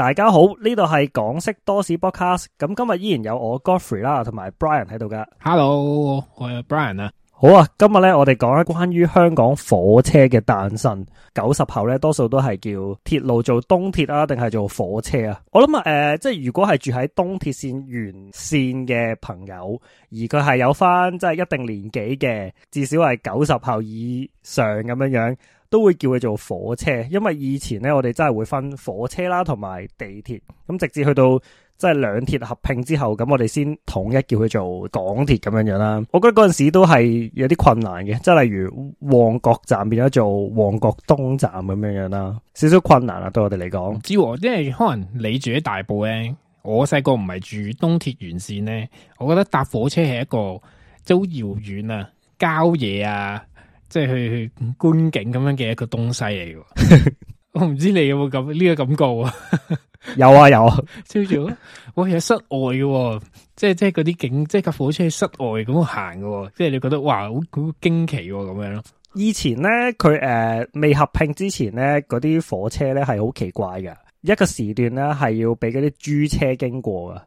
大家好，呢度係港識多史 podcast 咁今日依然有我 Godfrey 啦，同埋 Brian 喺度噶。Hello，我係 Brian 啊。好啊，今日咧我哋講一關於香港火車嘅誕生。九十後咧多數都係叫鐵路做東鐵啊，定係做火車啊？我諗啊，誒、呃，即係如果係住喺東鐵線沿線嘅朋友，而佢係有翻即係一定年紀嘅，至少係九十後以上咁樣樣。都會叫佢做火車，因為以前呢，我哋真係會分火車啦同埋地鐵，咁直至去到即係兩鐵合併之後，咁我哋先統一叫佢做港鐵咁樣樣啦。我覺得嗰陣時都係有啲困難嘅，即係例如旺角站變咗做旺角東站咁樣樣啦，少少困難啊對我哋嚟講。唔知喎，因為可能你住喺大埔呢，我細個唔係住東鐵沿線呢，我覺得搭火車係一個都遙遠啊，郊野啊。即係去去觀景咁樣嘅一個東西嚟，我唔知你有冇咁呢個感覺啊 ？有啊有啊，超住我係喺室外嘅，即係即係嗰啲景，即係架火車喺室外咁行嘅，即係你覺得哇，好好驚奇咁、啊、樣咯。以前咧，佢誒未合併之前咧，嗰啲火車咧係好奇怪㗎。一個時段咧係要俾嗰啲豬車經過噶。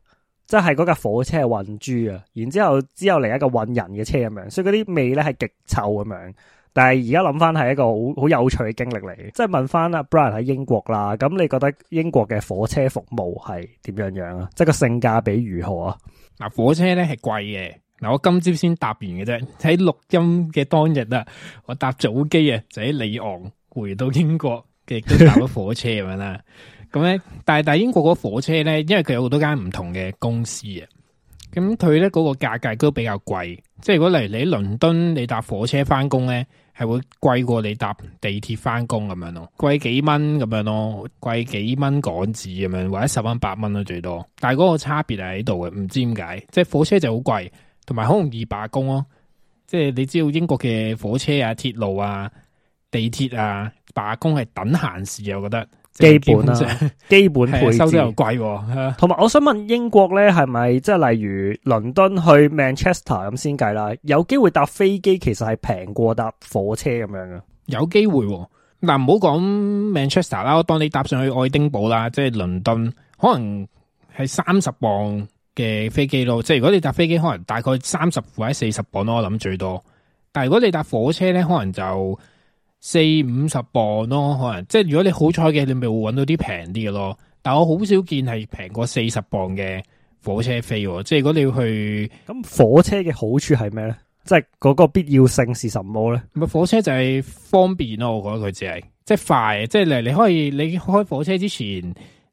即係嗰架火車運豬啊，然之後之後嚟，一個運人嘅車咁樣，所以嗰啲味咧係極臭咁樣。但係而家諗翻係一個好好有趣嘅經歷嚟。即係問翻阿 Brian 喺英國啦，咁你覺得英國嘅火車服務係點樣樣啊？即係個性價比如何啊？嗱，火車咧係貴嘅。嗱，我今朝先答完嘅啫。喺錄音嘅當日啊，我搭早機啊，就喺里昂回到英國嘅搭咗火車咁樣啦。 咁咧，但係英國嗰火車咧，因為佢有好多間唔同嘅公司啊，咁佢咧嗰個價格都比較貴。即係如果嚟你喺倫敦，你搭火車翻工咧，係會貴過你搭地鐵翻工咁樣咯，貴幾蚊咁樣咯，貴幾蚊港紙咁樣，或者十蚊八蚊咯最多。但係嗰個差別係喺度嘅，唔知點解，即係火車就好貴，同埋好容易罷工咯。即係你知道英國嘅火車啊、鐵路啊、地鐵啊罷工係等閒事，我覺得。基本啦，啊，基本配置。收得又貴，同埋我想問英國咧，係咪即係例如倫敦去 Manchester 咁先計啦？有機會搭飛機其實係平過搭火車咁樣嘅，有機會嗱唔好講 Manchester 啦，我當你搭上去愛丁堡啦，即係倫敦可能係三十磅嘅飛機咯，即係如果你搭飛機可能大概三十或者四十磅咯，我諗最多。但係如果你搭火車咧，可能就～四五十磅咯，可能即係如果你好彩嘅，你咪會搵到啲平啲嘅咯。但係我好少見係平過四十磅嘅火車飛喎。即係如果你要去，咁火車嘅好處係咩咧？即係嗰個必要性是什麼咧？咪火車就係方便咯，我覺得佢只係即係快。即係嚟，你可以你開火車之前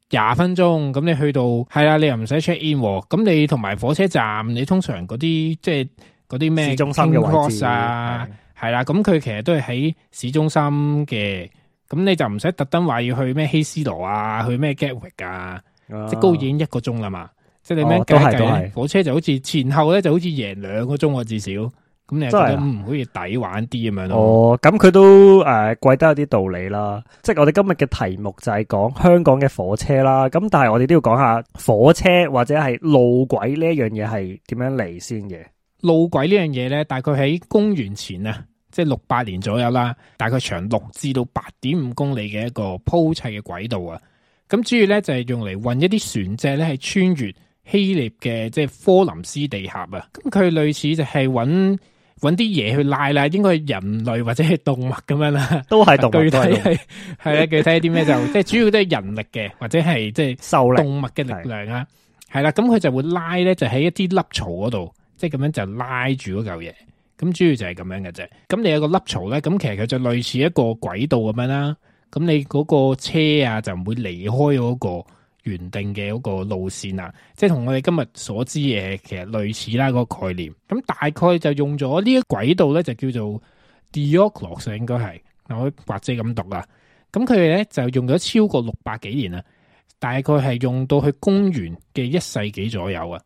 廿分鐘，咁你去到係啦，你又唔使 check in。咁你同埋火車站，你通常嗰啲即係嗰啲咩？市中心嘅位置啊。係啦，咁佢其實都係喺市中心嘅，咁你就唔使特登話要去咩希斯羅啊，去咩 Gatwick 啊，哦、即係高已經一個鐘啦嘛，即你、哦、係你咩計計，火車就好似前後咧就好似贏兩個鐘啊至少，咁你真係唔可以抵玩啲咁樣咯。哦，咁佢都誒貴得有啲道理啦，即係我哋今日嘅題目就係講香港嘅火車啦，咁但係我哋都要講下火車或者係路軌呢一樣嘢係點樣嚟先嘅？路軌呢樣嘢咧，大概喺公元前啊。即係六百年左右啦，大概長六至到八點五公里嘅一個鋪砌嘅軌道啊。咁主要咧就係用嚟運一啲船隻咧，係穿越希臘嘅即係科林斯地峽啊。咁佢類似就係搵搵啲嘢去拉啦，應該係人類或者係動物咁樣啦。都係動物， 都係動物。係 啦，具體啲咩就即、是、係 主要都係人力嘅，或者係即係受動物嘅力量啊。係啦，咁佢就會拉咧，就喺一啲凹槽嗰度，即係咁樣就拉住嗰嚿嘢。咁主要就係咁樣嘅啫，咁你有個凹槽咧，咁其實佢就類似一個軌道咁樣啦，咁你嗰個車啊就唔會離開嗰個原定嘅嗰個路線啊，即係同我哋今日所知嘅其實類似啦，個概念。咁大概就用咗呢個軌道咧，就叫做 Diolkos 應該係，我或者咁讀啦，咁佢哋咧就用咗超過六百幾年啦，大概係用到去公元嘅一世紀左右啊。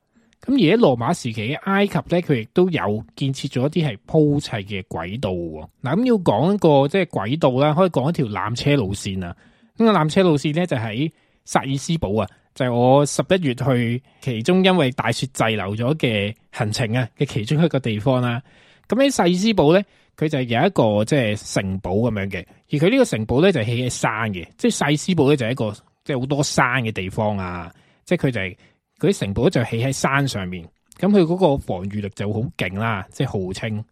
咁而喺羅馬時期嘅埃及咧，佢亦都有建設咗一啲係鋪砌嘅軌道喎。嗱、啊，咁要講一個即係軌道啦，可以講一條纜車路線啊。咁個纜車路線咧就喺、是、薩爾斯堡啊，就係、是、我十一月去，其中因為大雪滯留咗嘅行程啊嘅其中一個地方啦。咁喺薩爾斯堡咧，佢就有一個即係城堡咁樣嘅，而佢呢個城堡咧就起喺山嘅，即係薩爾斯堡咧就係一個即係好多山嘅地方啊，即係佢就係、是。佢啲城堡就起喺山上面，咁佢嗰個防禦力就好勁啦，即係號稱。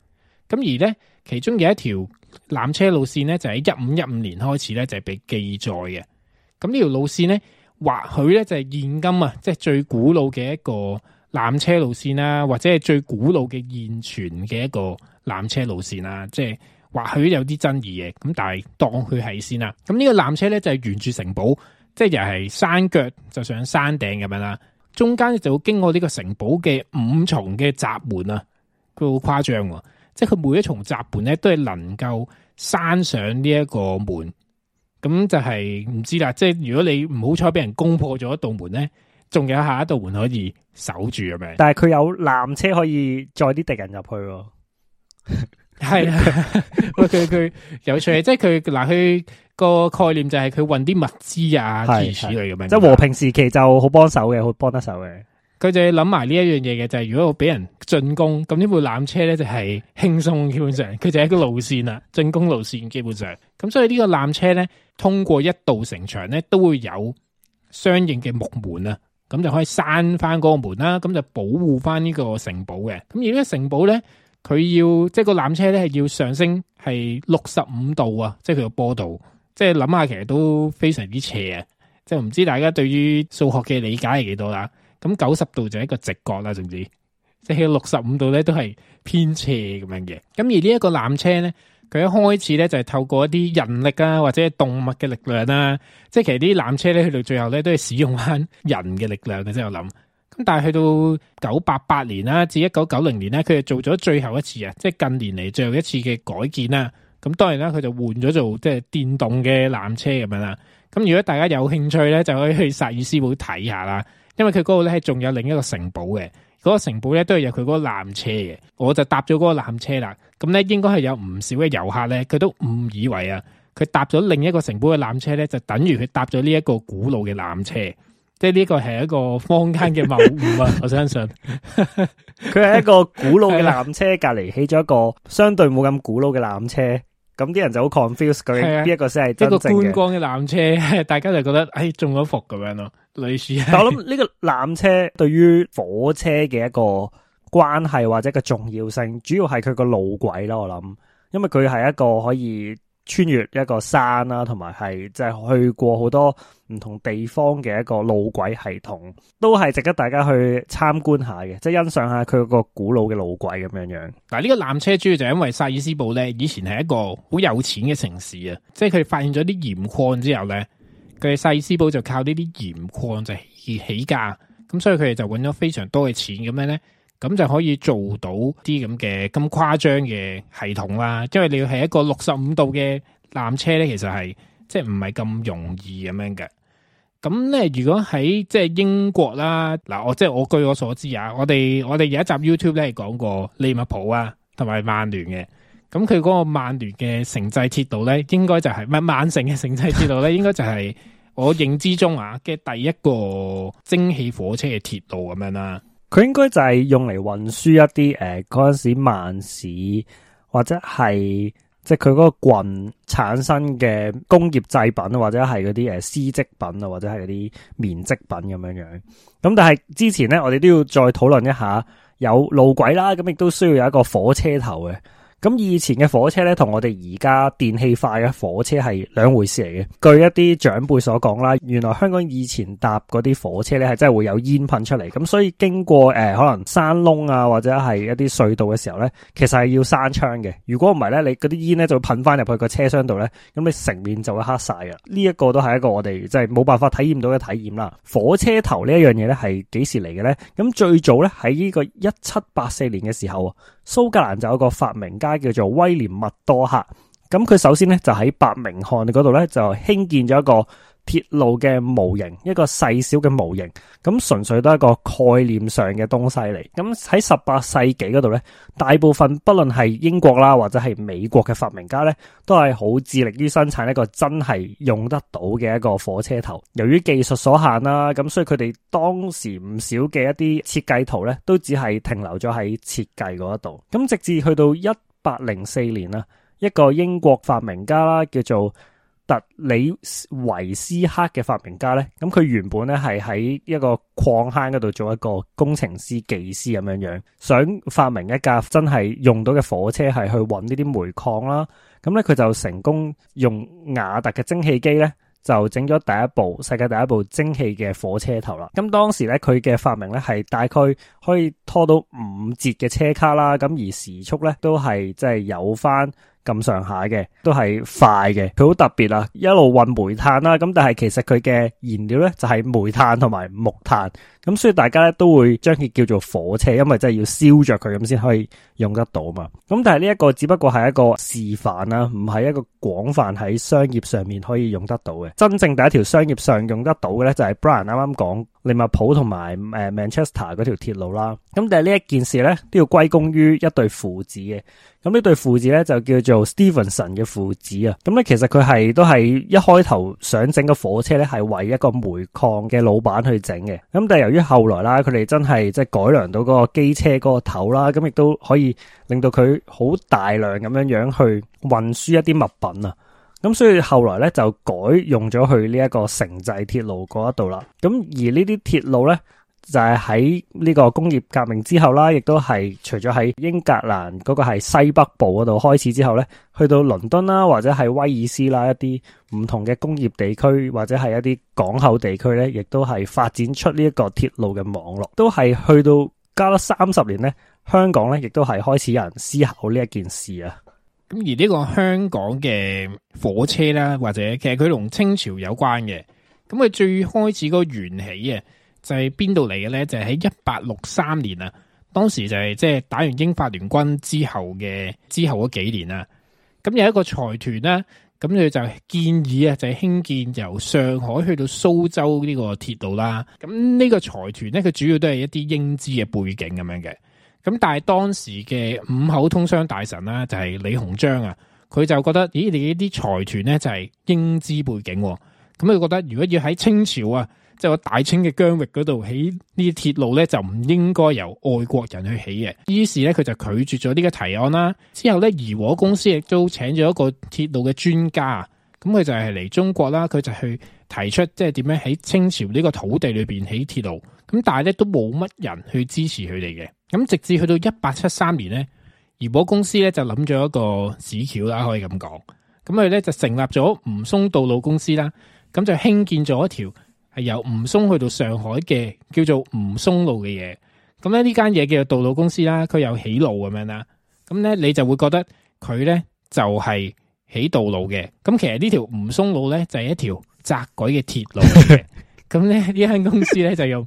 咁而咧，其中嘅一條纜車路線咧，就喺一五一五年開始咧就係被記載嘅。咁呢條路線咧，或許咧就係現今啊，即係最古老嘅一個纜車路線啦，或者係最古老嘅現存嘅一個纜車路線啦，即係或許有啲爭議嘅。咁但係當佢係先啦。咁呢個纜車咧就係沿住城堡，即係又係山腳就上山頂咁樣啦。中間就會經過呢個城堡嘅五重嘅閘門啊，佢好誇張，即係佢每一重閘門咧都係能夠閂上呢一個門，咁就係唔知啦。即係如果你唔好彩俾人攻破咗一道門咧，仲有下一道門可以守住啊？咩？但係佢有纜車可以載啲敵人入去啊。 係 啦， 佢佢有趣嘅， 即係佢嗱佢個概念就係佢運啲物資啊，類咁樣，即 係和平時期就好幫手嘅，好幫得手嘅。佢 就係諗埋呢一樣嘢嘅，就係、是、如果我俾人進攻，咁呢部纜車咧就係輕鬆，基本上佢就係一個路線啦，進 攻路線基本上。咁所以這個纜呢個纜車咧，通過一道城牆咧，都會有相應嘅木門啊，咁就可以閂翻嗰個門啦，咁就保護翻呢個城堡嘅。咁而呢個城堡咧。佢要即係、就是、個纜車咧，係要上升係六十五度啊！即係佢個坡度，即係諗下，其實都非常之斜啊！即係唔知大家對於數學嘅理解係幾多啦、啊？咁九十度就係一個直角啦、啊，甚至即係六十五度咧都係偏斜咁樣嘅。咁而纜呢一個纜車咧，佢一開始咧就係透過一啲人力啊或者動物嘅力量啊，即、就、係、是、其實啲纜車咧去到最後咧都係使用翻人嘅力量嘅，即係我諗。咁但係去到九八八年啦，至一九九零年咧，佢就做咗最後一次啊，即係近年嚟，最後一次嘅改建啦。咁當然啦，佢就換咗做即係電動嘅纜車咁樣啦。咁如果大家有興趣咧，就可以去薩爾斯堡睇下啦。因為佢嗰度咧係仲有另一個城堡嘅，嗰個城堡咧都係有佢嗰個纜車嘅。我就搭咗嗰個纜車啦。咁咧應該係有唔少嘅遊客咧，佢都誤以為啊，佢搭咗另一個城堡嘅纜車咧，就等於佢搭咗呢一個古老嘅纜車。即係呢個係一個坊間嘅謬誤啊！ 我相信佢係 一個古老嘅纜車，隔籬起咗一個相對冇咁古老嘅纜車，咁 啲人就好 confuse 佢呢一個先係一個觀光嘅纜車，大家就覺得誒、哎、中咗伏咁樣咯。類似啊，但我諗呢個纜車對於火車嘅一個關係或者個重要性，主要係佢個路軌啦。我諗，因為佢係一個可以穿越一個山啦，同埋係即係去過好多。唔同地方嘅一個路軌系統都係值得大家去參觀下嘅，即係欣賞下佢嗰個古老嘅路軌咁樣樣。嗱，呢個纜車主要就因為薩爾斯堡咧，以前係一個好有錢嘅城市啊，即係佢發現咗啲鹽礦之後咧，佢哋薩爾斯堡就靠呢啲鹽礦就起起家，咁所以佢哋就揾咗非常多嘅錢咁樣咧，咁就可以做到啲咁嘅咁誇張嘅系統啦。因為你要係一個六十五度嘅纜車咧，其實係即係唔係咁容易咁樣嘅。咁咧，如果喺即係英國啦，嗱，我即係我據我所知啊，我哋我哋有一集 YouTube 咧，係講過利物浦啊，同埋曼聯嘅。咁佢嗰個曼聯嘅城際鐵道咧、就是，應該就係唔係曼城嘅城際鐵道咧、就是，應該就係我認知中啊嘅第一個蒸汽火車嘅鐵道咁樣啦。佢應該就係用嚟運輸一啲誒嗰陣時曼市或者係。即係佢嗰個棍產生嘅工業製品，或者係嗰啲誒絲織品啊，或者係嗰啲棉織品咁樣樣。咁但係之前呢，我哋都要再討論一下有路軌啦，咁亦都需要有一個火車頭嘅。咁以前嘅火車咧，同我哋而家電氣化嘅火車係兩回事嚟嘅。據一啲長輩所講啦，原來香港以前搭嗰啲火車咧，係真係會有煙噴出嚟。咁所以經過誒、呃、可能山窿啊，或者係一啲隧道嘅時候咧，其實係要閂窗嘅。如果唔係咧，你嗰啲煙咧就會噴翻入去個車廂度咧，咁你成面就會黑晒啊！呢、這、一個都係一個我哋即係冇辦法體驗到嘅體驗啦。火車頭呢一樣嘢咧係幾時嚟嘅咧？咁最早咧喺呢個一七八四年嘅時候啊，蘇格蘭就有一個發明家。叫做威廉麥多克，咁佢首先咧就喺伯明翰嗰度咧就興建咗一個鐵路嘅模型，一個細小嘅模型，咁純粹都係一個概念上嘅東西嚟。咁喺十八世紀嗰度咧，大部分不論係英國啦或者係美國嘅發明家咧，都係好致力於生產一個真係用得到嘅一個火車頭。由於技術所限啦，咁所以佢哋當時唔少嘅一啲設計圖咧，都只係停留咗喺設計嗰一度。咁直至去到一八零四年啦，一個英國發明家啦，叫做特里維斯克嘅發明家咧，咁佢原本咧係喺一個礦坑嗰度做一個工程師技師咁樣樣，想發明一架真係用到嘅火車係去搵呢啲煤礦啦，咁咧佢就成功用瓦特嘅蒸汽機咧。就整咗第一部，世界第一部蒸汽嘅火車頭啦。咁當時咧佢嘅發明咧係大概可以拖到五節嘅車卡啦。咁而時速咧都係即係有翻咁上下嘅，都係快嘅。佢好特別啊，一路運煤炭啦。咁但係其實佢嘅燃料咧就係煤炭同埋木炭。咁所以大家咧都會將佢叫做火車，因為真係要燒着佢咁先可以用得到嘛。咁但係呢一個只不過係一個示範啦，唔係一個廣泛喺商業上面可以用得到嘅。真正第一條商業上用得到嘅咧，就係 Brian 啱啱講利物浦同埋誒 Manchester 嗰條鐵路啦。咁但係呢一件事咧都要歸功於一對父子嘅。咁呢對父子咧就叫做 Stevenson 嘅父子啊。咁咧其實佢係都係一開頭想整個火車咧，係為一個煤礦嘅老闆去整嘅。咁但係由於後來啦，佢哋真係即係改良到嗰個機車嗰個頭啦，咁亦都可以令到佢好大量咁樣樣去運輸一啲物品啊。咁所以後來咧就改用咗去呢一個城際鐵路嗰一度啦。咁而呢啲鐵路咧，就係喺呢個工業革命之後啦，亦都係除咗喺英格蘭嗰個係西北部嗰度開始之後咧，去到倫敦啦，或者係威爾斯啦，一啲唔同嘅工業地區或者係一啲港口地區咧，亦都係發展出呢一個鐵路嘅網絡，都係去到加咗三十年咧，香港咧亦都係開始有人思考呢一件事啊。咁而呢個香港嘅火車啦，或者其實佢同清朝有關嘅，咁佢最開始個緣起啊。就係邊度嚟嘅咧？就係喺一八六三年啊，當時就係即係打完英法聯軍之後嘅之後嗰幾年啊。咁有一個財團咧，咁佢就建議啊，就係興建由上海去到蘇州呢個鐵路啦。咁呢個財團咧，佢主要都係一啲英資嘅背景咁樣嘅。咁但係當時嘅五口通商大臣啦，就係李鴻章啊，佢就覺得，咦，你呢啲財團咧就係英資背景啊，咁佢覺得如果要喺清朝啊。就喺大清嘅疆域嗰度起呢啲鐵路咧，就唔應該由外國人去起嘅。於是咧，佢就拒絕咗呢個提案啦。之後咧，怡和公司亦都請咗一個鐵路嘅專家啊，咁佢就係嚟中國啦，佢就去提出即係點樣喺清朝呢個土地裏邊起鐵路。咁但係咧都冇乜人去支持佢哋嘅。咁直至去到一八七三年咧，怡和公司咧就諗咗一個市橋啦，可以咁講。咁佢咧就成立咗吳淞道路公司啦，咁就興建咗一條。係由吳淞去到上海嘅叫做吳淞路嘅嘢，咁咧呢間嘢叫做道路公司啦，佢有起路咁樣啦，咁咧你就會覺得佢咧就係起道路嘅，咁其實呢條吳淞路咧就係一條窄軌嘅鐵路，咁咧呢間公司咧就用，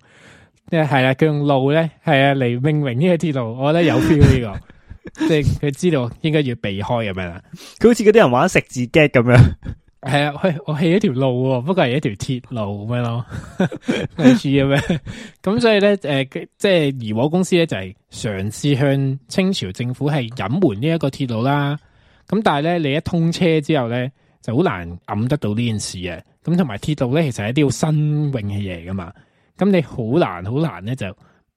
係啦佢用路咧係啊嚟，命名呢個鐵路，我覺得有 feel 呢個，即係佢知道應該要避開咁樣，佢好似嗰啲人玩食字 get 咁樣。係、哎、啊，我我係一條路，不過係一條鐵路咁樣咯，未知嘅咩？咁所以咧，誒、呃，即係怡和公司咧就係嘗試向清朝政府係隱瞞呢一個鐵路啦。咁但係咧，你一通車之後咧就好難揞得到呢件事啊。咁同埋鐵路咧，其實係一啲好新穎嘅嘢噶嘛。咁你好難好難咧就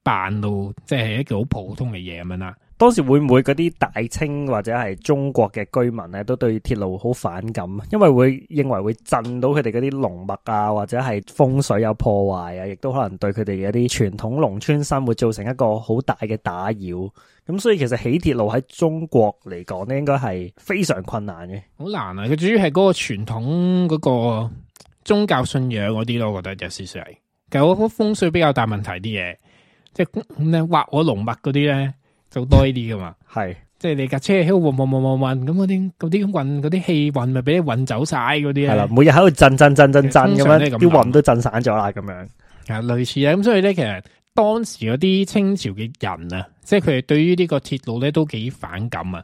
扮到即係一個好普通嘅嘢咁樣啦。當時會唔會嗰啲大清或者係中國嘅居民咧，都對鐵路好反感，因為會認為會震到佢哋嗰啲龍脈啊，或者係風水有破壞啊，亦都可能對佢哋嘅一啲傳統農村生活造成一個好大嘅打擾。咁所以其實起鐵路喺中國嚟講咧，應該係非常困難嘅。好難啊！佢主要係嗰個傳統嗰個宗教信仰嗰啲咯，我覺得有少少係。其實嗰個風水比較大問題啲嘢，即係咁咧挖我龍脈嗰啲咧。就多啲噶嘛，係，即係你架車喺度運運運咁嗰啲啲咁運嗰啲氣運咪俾你運走晒嗰啲，係啦，每日喺度震震震震震咁樣，啲雲都震散咗啦，咁樣，啊，類似啊，咁所以咧，其實當時嗰啲清朝嘅人啊，即係佢哋對於呢個鐵路咧都幾反感啊，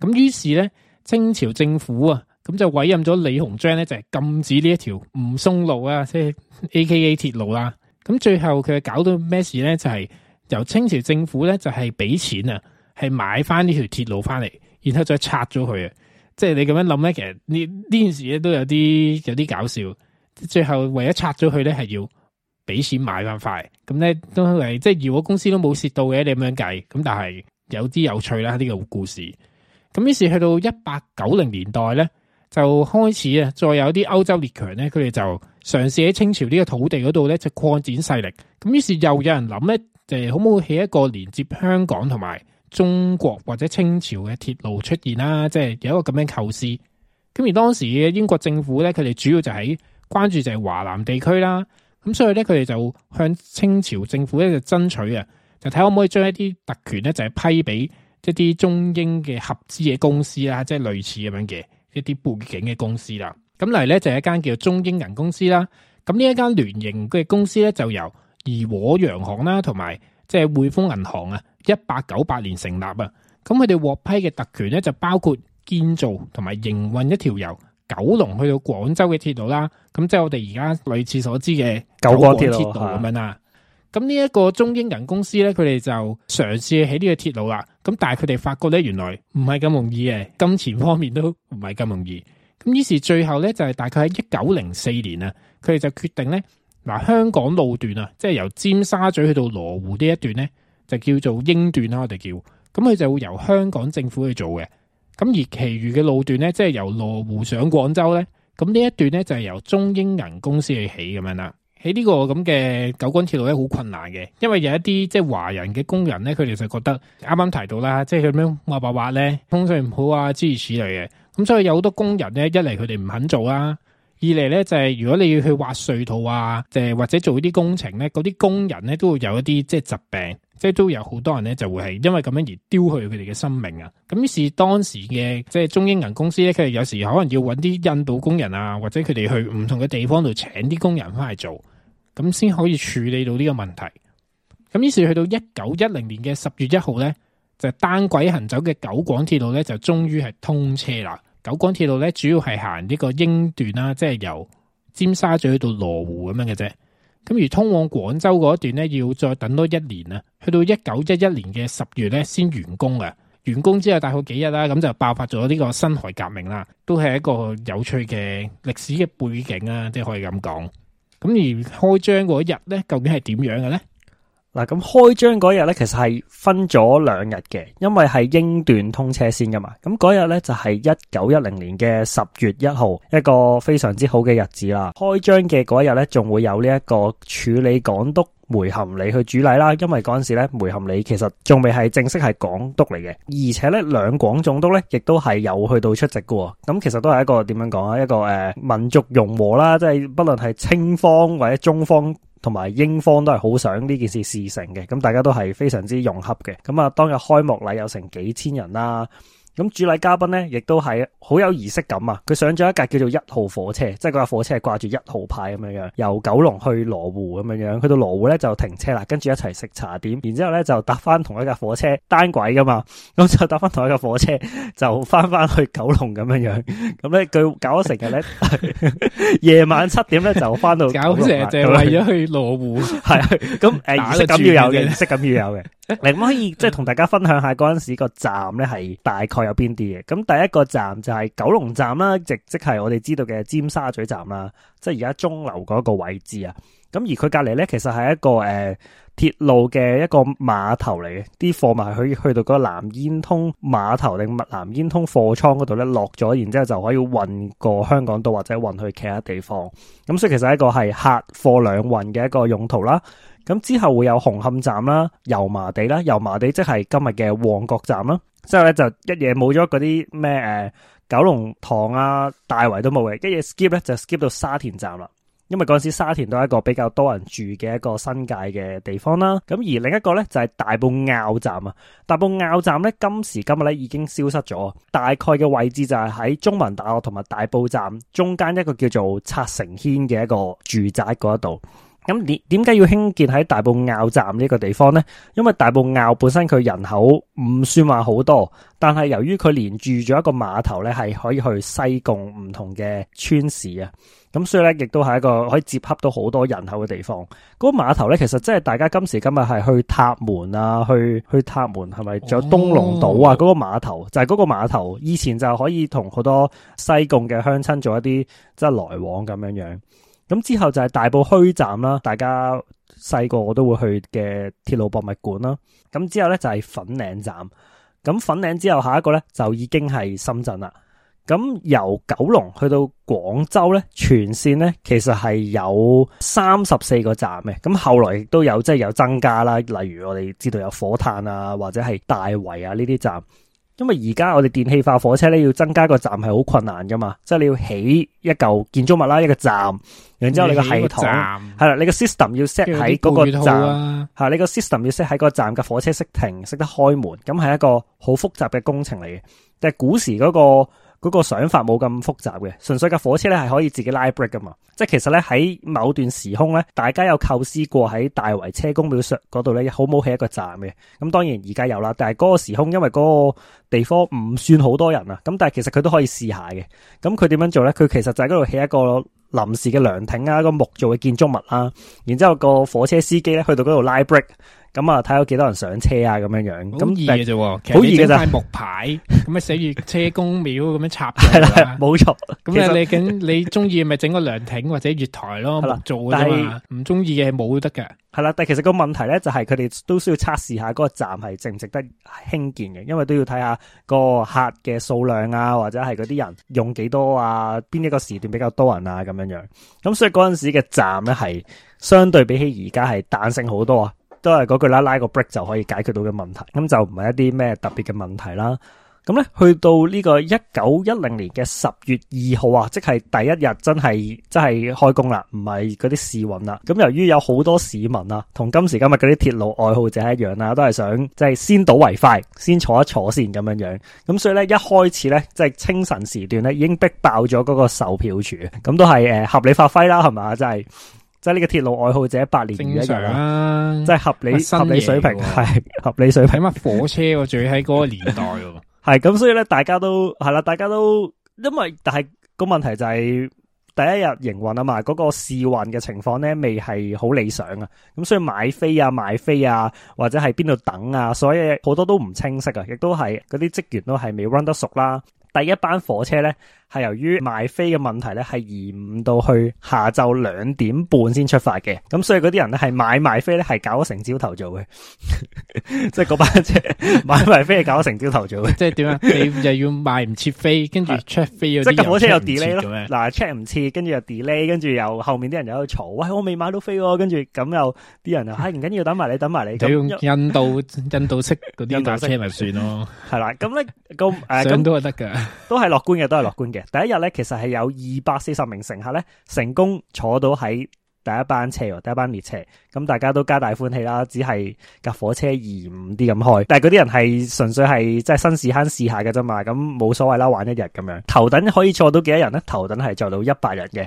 咁於是咧清朝政府啊，咁就委任咗李鴻章咧就係禁止呢一條吳淞路啊，即係 A K A 鐵路啦，咁最後佢搞到咩事咧就係。由清朝政府咧，就係俾錢啊，係買翻呢條鐵路翻嚟，然後再拆咗佢啊。即係你咁樣諗咧，其實呢呢件事咧都有啲有啲搞笑。最後為咗拆咗佢咧，係要俾錢買翻塊咁咧都嚟。即係如果公司都冇蝕到嘅，你咁樣計咁，但係有啲有趣啦呢個故事。咁於是去到一八九零年代咧，就開始啊，再有啲歐洲列強咧，佢哋就嘗試喺清朝呢個土地嗰度咧，就擴展勢力。咁於是又有人諗咧。就係可唔可以起一個連接香港同埋中國或者清朝嘅鐵路出現啦？即係有一個咁樣構思。咁而當時英國政府咧，佢哋主要就喺關注就係華南地區啦。咁所以咧，佢哋就向清朝政府咧就爭取啊，就睇可唔可以將一啲特權咧就係批俾一啲中英嘅合資嘅公司啦，即係類似咁樣嘅一啲背景嘅公司啦。咁嚟咧就係一間叫做中英銀公司啦。咁呢一間聯營嘅公司咧就由怡和洋行啦，同埋即係匯豐銀行啊，一八九八年成立啊，咁佢哋獲批嘅特權咧就包括建造同埋營運一條由九龍去到廣州嘅鐵路啦，咁即係我哋而家類似所知嘅九廣鐵路咁樣啦。咁呢一個中英人公司咧，佢哋就嘗試起呢個鐵路啦，咁但係佢哋發覺咧，原來唔係咁容易嘅，金錢方面都唔係咁容易。咁於是最後咧就係大概喺一九零四年啊，佢哋就決定咧。嗱，香港路段啊，即係由尖沙咀去到羅湖呢一段咧，就叫做英段啦，我哋叫。咁佢就會由香港政府去做嘅。咁而其餘嘅路段咧，即係由羅湖上廣州咧，咁呢一段咧就係由中英銀公司去起咁樣啦。喺呢個咁嘅九廣鐵路咧，好困難嘅，因為有一啲即係華人嘅工人咧，佢哋就覺得啱啱提到啦，即係佢樣話白話咧，風水唔好啊諸如此類嘅。咁所以有好多工人咧，一嚟佢哋唔肯做啦。二嚟咧就係、係、如果你要去挖隧道啊，或者做啲工程咧，嗰啲工人咧都會有一啲即係疾病，即係都有好多人咧就會係因為咁樣而丟去佢哋嘅生命啊。咁於是當時嘅即係中英銀公司咧，佢哋有時可能要搵啲印度工人啊，或者佢哋去唔同嘅地方度請啲工人翻嚟做，咁先可以處理到呢個問題。咁於是去到一九一零年嘅十月一號咧，就係、單軌行走嘅九廣鐵路咧就終於係通車啦。九廣鐵路咧，主要係行呢個英段啦，即係由尖沙咀去到羅湖咁樣嘅啫。咁而通往廣州嗰段咧，要再等多一年啊。去到一九一一年嘅十月咧，先完工嘅。完工之後大概幾日啦？咁就爆發咗呢個辛亥革命啦，都係一個有趣嘅歷史嘅背景啊，即係可以咁講。咁而開張嗰日咧，究竟係點樣嘅咧？嗱，咁開張嗰日咧，其實係分咗兩日嘅，因為係英段通車先噶嘛。咁嗰日咧就係一九一零年嘅十月一號，一個非常之好嘅日子啦。開張嘅嗰日咧，仲會有呢一個署理港督梅含理去主禮啦。因為嗰陣時咧，梅含理其實仲未係正式係港督嚟嘅，而且咧，兩廣總督咧亦都係有去到出席嘅。咁其實都係一個點樣講啊？一個誒民族融合啦，即係不論係清方或者中方。同埋英方都係好想呢件事事成嘅，咁大家都係非常之融洽嘅。咁啊，當日開幕禮有成幾千人啦。咁主禮嘉賓咧，亦都係好有儀式感啊！佢上咗一架叫做一號火車，即係嗰架火車掛住一號牌咁樣樣，由九龍去羅湖咁樣樣，去到羅湖咧就停車啦，跟住一齊食茶點，然之後咧就搭翻同一架火車單軌噶嘛，咁就搭翻同一架火車就翻翻去九龍咁樣樣，咁咧佢搞咗成日咧，夜 晚七點咧就翻到九龍，就為咗去羅湖，係咁誒，儀 式感要有嘅，儀 式感要有嘅。你可唔可以即係同大家分享下嗰陣時個站咧係大概有邊啲嘅？咁第一個站就係九龍站啦，即係我哋知道嘅尖沙咀站啦，即係而家鐘樓嗰個位置啊。咁而佢隔籬咧，其實係一個誒鐵、呃、路嘅一個碼頭嚟嘅，啲貨物係可以去到嗰個藍煙囪碼頭定藍煙囪貨倉嗰度咧落咗，然之後就可以運過香港島或者運去其他地方。咁所以其實一個係客貨兩運嘅一個用途啦。咁之後會有紅磡站啦、油麻地啦、油麻地即係今日嘅旺角站啦。之後咧就一嘢冇咗嗰啲咩誒九龍塘啊、大圍都冇嘅，一嘢 skip 咧就 skip 到沙田站啦。因為嗰陣時沙田都係一個比較多人住嘅一個新界嘅地方啦。咁而另一個咧就係大埔滘站啊。大埔滘站咧今時今日咧已經消失咗，大概嘅位置就係喺中文大學同埋大埔站中間一個叫做拆成軒嘅一個住宅嗰一度。咁點點解要興建喺大埔滘站呢個地方呢？因為大埔滘本身佢人口唔算話好多，但係由於佢連住咗一個碼頭呢，係可以去西貢唔同嘅村市啊。咁所以呢，亦都係一個可以接洽到好多人口嘅地方。嗰、嗰個碼頭呢，其實即係大家今時今日係去塔門啊，去去塔門係咪？仲有東龍島啊？嗰、哦嗰個碼頭就係嗰個碼頭，以前就可以同好多西貢嘅鄉親做一啲即係來往咁樣樣。咁之後就係大埔墟站啦，大家細個我都會去嘅鐵路博物館啦。咁之後呢，就係粉嶺站，咁粉嶺之後下一個呢，就已經係深圳啦。咁由九龍去到廣州呢，全線呢，其實係有三十四個站嘅。咁後來亦都有即係、就是、有增加啦，例如我哋知道有火炭啊，或者係大圍啊呢啲站。因為而家我哋電氣化火車咧要增加個站係好困難噶嘛，即係你要起一嚿建築物啦，一個站，然之後你個系統係啦，你個的你的 system 要 set 喺嗰個站，吓、啊、你個 system 要 set 喺個站，個火車識停，識得開門，咁係一個好複雜嘅工程嚟嘅，即係古時嗰、那個。嗰、那個想法冇咁複雜嘅，純粹架火車咧係可以自己拉 break 噶嘛。即係其實咧喺某段時空咧，大家有構思過喺大圍車公廟上嗰度咧，好冇起一個站嘅。咁當然而家有啦，但係嗰個時空因為嗰個地方唔算好多人啊。咁但係其實佢都可以試下嘅。咁佢點樣做咧？佢其實就喺嗰度起一個臨時嘅涼亭啊，一個木造嘅建築物啦、啊。然之後個火車司機咧去到嗰度拉 break。咁啊，睇下幾多人上車啊，咁樣樣咁易嘅啫，好易嘅咋係木牌咁啊，寫 住車公廟咁樣插係啦，冇 錯。咁你緊， 你中意咪整個涼亭或者月台咯，做啫唔中意嘅冇得嘅係啦。但係其實個問題咧，就係佢哋都需要測試下嗰個站係值唔值得興建嘅，因為都要睇下個客嘅數量啊，或者係嗰啲人用幾多啊，邊一個時段比較多人啊，咁樣樣。咁所以嗰陣時嘅站咧係相對比起而家係彈性好多啊。都係嗰句啦，拉個 break 就可以解決到嘅問題，咁就唔係一啲咩特別嘅問題啦。咁咧，去到呢個一九一零年嘅十月二號啊，即係第一日真係真係開工啦，唔係嗰啲試運啦。咁由於有好多市民啊，同今時今日嗰啲鐵路愛好者一樣啊，都係想即係、就是、先睹為快，先坐一坐先咁樣樣。咁所以咧，一開始咧，即、就、係、是、清晨時段咧，已經逼爆咗嗰個售票處，咁都係誒、呃、合理發揮啦，係咪啊，真係。即係呢個鐵路愛好者百年如常啦，即係合理、啊、合理水平係合理水平。乜、啊、火車仲要喺嗰個年代喎、啊？係 咁， 所以咧，大家都係啦、啊，大家都因為但係個問題就係第一日營運啊嘛，嗰、那個試運嘅情況咧未係好理想啊。咁所以買飛啊，買飛啊，或者係邊度等啊，所以好多都唔清晰啊，亦都係嗰啲職員都係未 run 得熟啦。第一班火車咧。係由於買飛嘅問題咧，係延誤到去下晝兩點半先出發嘅，咁所以嗰啲人咧係買買飛咧係搞咗成朝頭早嘅，即係嗰班車買買飛係搞咗成朝頭早嘅， 即係點樣？你就要買唔切飛，跟住 check 飛嗰啲人，即係火車又 delay 啦嗱，check 唔切，跟住又 delay，跟住又後面啲人又喺度嘈，喂、哎，我未買到飛，跟住咁又啲人啊，唔 緊、哎、要緊，等埋你，等埋你。你用印度、嗯、印度式嗰啲架車咪算咯？係 啦，咁咧咁誒，咁 那 都係得噶，都係樂觀嘅，都係樂觀嘅。第一日咧，其實係有二百四十名乘客咧，成功坐到喺第一班車，第一班列車。咁大家都皆大歡喜啦，只係架火車延誤，啲咁開。但係嗰啲人係純粹係即係新試坑試下㗎啫嘛，咁冇所謂啦，玩一日咁樣。頭等可以坐到幾多人咧？頭等係載到一百人嘅，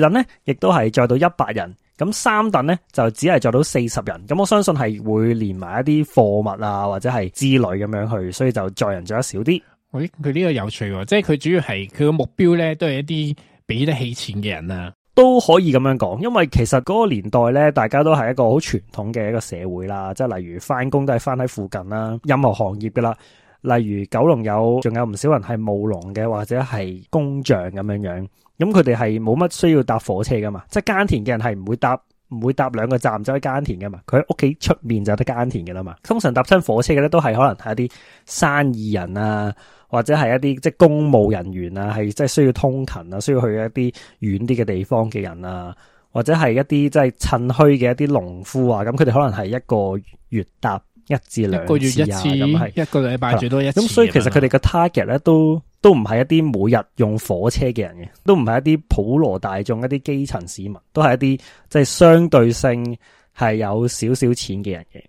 二等咧亦都係載到一百人。咁三等咧就只係載到四十人。咁我相信係會連埋一啲貨物啊，或者係之類咁樣去，所以就載人載得少啲。喂、哎，佢呢個有趣喎、哦，即係佢主要係佢個目標咧，都係一啲俾得起錢嘅人啊，都可以咁樣講，因為其實嗰個年代咧，大家都係一個好傳統嘅一個社會啦，即係例如翻工都係翻喺附近啦，任何行業噶啦，例如九龍有仲有唔少人係務農嘅或者係工匠咁樣樣，咁佢哋係冇乜需要搭火車噶嘛，即係耕田嘅人係唔會搭。唔會搭兩個站就去耕田噶嘛，佢喺屋企出面就得耕田噶啦嘛。通常搭親火車嘅咧，都係可能係一啲生意人啊，或者係一啲即係公務人員啊，係即係需要通勤啊，需要去一啲遠啲嘅地方嘅人啊，或者係一啲即係趁墟嘅一啲農夫啊，咁佢哋可能係一個月搭。一至兩，啊、一個月一次，咁係一個禮拜最多一次，嗯。咁所以其實佢哋嘅 target 咧都都唔係一啲每日用火車嘅人嘅，都唔係一啲普羅大眾，一啲基層市民，都係一啲即係相對性係有少少錢嘅人嘅。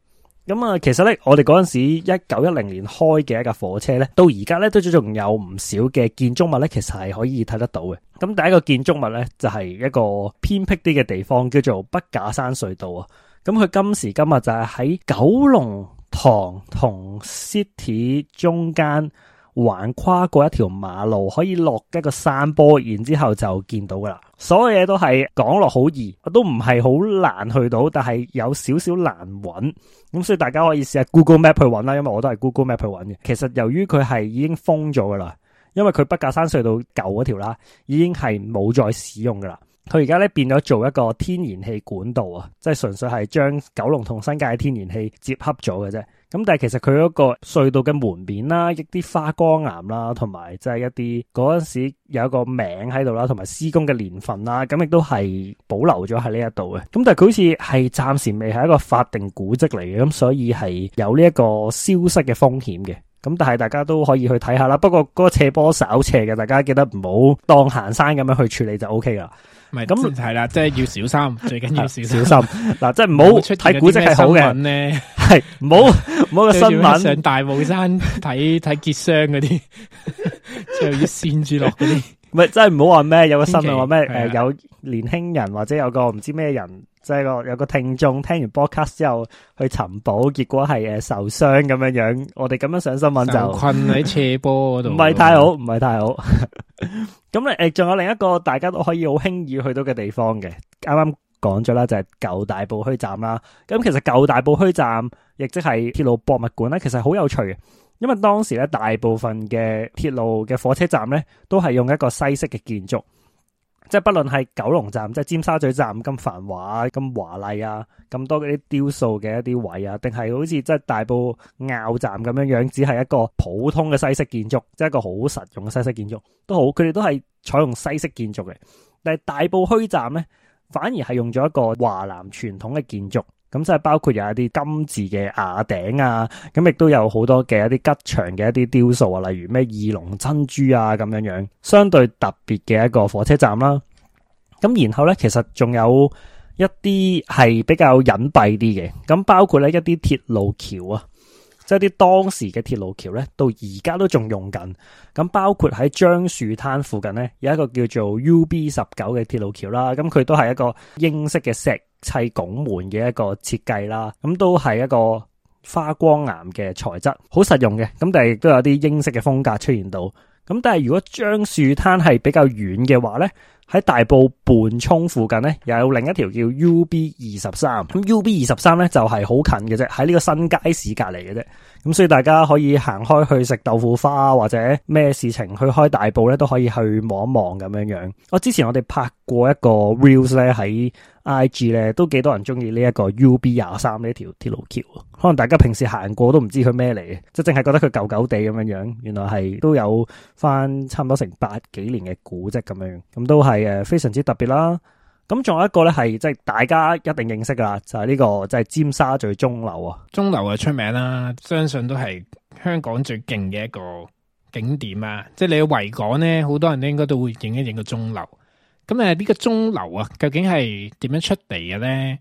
咁、嗯、啊，其實咧我哋嗰陣時一九一零年開嘅一架火車咧，到而家咧都仲有唔少嘅建築物咧，其實係可以睇得到嘅。咁、嗯、第一個建築物咧就係、是、一個偏僻啲嘅地方，叫做北架山隧道啊。咁佢今時今日就係喺九龍塘同 City 中間橫跨過一條馬路，可以落一個山坡，然之後就見到噶啦。所有嘢都係講落好易，都唔係好難去到，但係有少少難揾。咁所以大家可以試下 Google Map 去揾啦，因為我都係 Google Map 去揾嘅。其實由於佢係已經封咗噶啦，因為佢筆架山隧道舊嗰條啦，已經係冇再使用噶啦。佢而家咧變咗做一個天然氣管道啊，即係純粹係將九龍同新界嘅天然氣接合咗嘅啫。咁但係其實佢嗰個隧道嘅門面啦，一啲花崗岩啦，同埋即係一啲嗰陣時有一個名喺度啦，同埋施工嘅年份啦，咁亦都係保留咗喺呢一度嘅。咁但係佢好似係暫時未係一個法定古蹟嚟嘅，咁所以係有呢一個消失嘅風險嘅。咁但係大家都可以去睇下啦，不過嗰個斜坡稍斜嘅，大家記得唔好當行山咁樣去處理就 OK 啦。唔係咁係啦，即係、就是、要小心， 最緊要，要小心。 小心嗱，即係唔好睇古蹟係好嘅，咧， 係唔好唔好個新聞上大帽山睇睇結霜嗰啲，即 係要先住落嗰啲。唔係真係唔好話咩，有個新聞話咩？誒、 呃，有年輕人或者有個唔知咩人。即係個有個聽眾聽完播客之後去尋寶，結果係誒受傷咁樣樣。我哋咁樣上新聞就困喺斜坡嗰度，唔係太好，唔係太好。咁咧誒，仲有另一個大家都可以好輕易去到嘅地方嘅，啱啱講咗啦，就係舊大埔墟站啦。咁其實舊大埔墟站，亦即係鐵路博物館咧，其實好有趣嘅，因為當時咧大部分嘅鐵路嘅火車站咧，都係用一個西式嘅建築。即係不論係九龍站，即係尖沙咀站咁繁華、咁華麗啊，咁多嗰啲雕塑嘅一啲位啊，定係好似即係大埔坳站咁樣樣，只係一個普通嘅西式建築，即係一個好實用嘅西式建築都好，佢哋都係採用西式建築嘅，但係大埔墟站咧，反而係用咗一個華南傳統嘅建築。咁即係包括有一啲金字嘅瓦頂啊，咁亦都有好多嘅一啲吉祥嘅一啲雕塑啊，例如咩二龍珍珠啊咁樣樣，相對特別嘅一個火車站啦。咁然後呢，其實仲有一啲係比較隱蔽啲嘅，咁包括呢一啲鐵路橋啊，即係啲當時嘅鐵路橋呢，到而家都仲用緊。咁包括喺樟樹灘附近呢，有一個叫做 UB19 嘅鐵路橋啦，咁佢都係一個英式嘅石。砌拱門嘅一個設計啦，咁都係一個花崗岩嘅材質，好實用嘅，咁但係亦都有啲英式嘅風格出現到。咁但係如果樟樹灘係比較遠嘅話呢，喺大埔半涌附近呢，又有另一條叫 U B 二十三，咁 U B 二十三呢就係好近嘅啫，喺呢個新街市隔籬嘅啫。咁所以大家可以行開去食豆腐花或者咩事情去開大埔呢都可以去望一望咁樣樣。我、啊、之前我哋拍過一個 reels 呢喺。I G 咧都幾多人中意呢一個 U B 廿三，呢條鐵路橋，可能大家平時行過都唔知佢咩嚟嘅，即係淨係覺得佢舊舊地咁樣，原來係都有翻差唔多成百幾年嘅古跡咁樣，咁都係、呃、非常之特別啦。咁、嗯、仲有一個呢，係即係大家一定認識㗎啦，就係、是、呢、呢個即係、就是、尖沙咀鐘樓啊！鐘樓啊出名啦，相信都係香港最勁嘅一個景點啊！即係你去維港呢，好多人都應該都會影一影個鐘樓。咁呢個鐘樓啊，究竟係點樣出嚟嘅咧？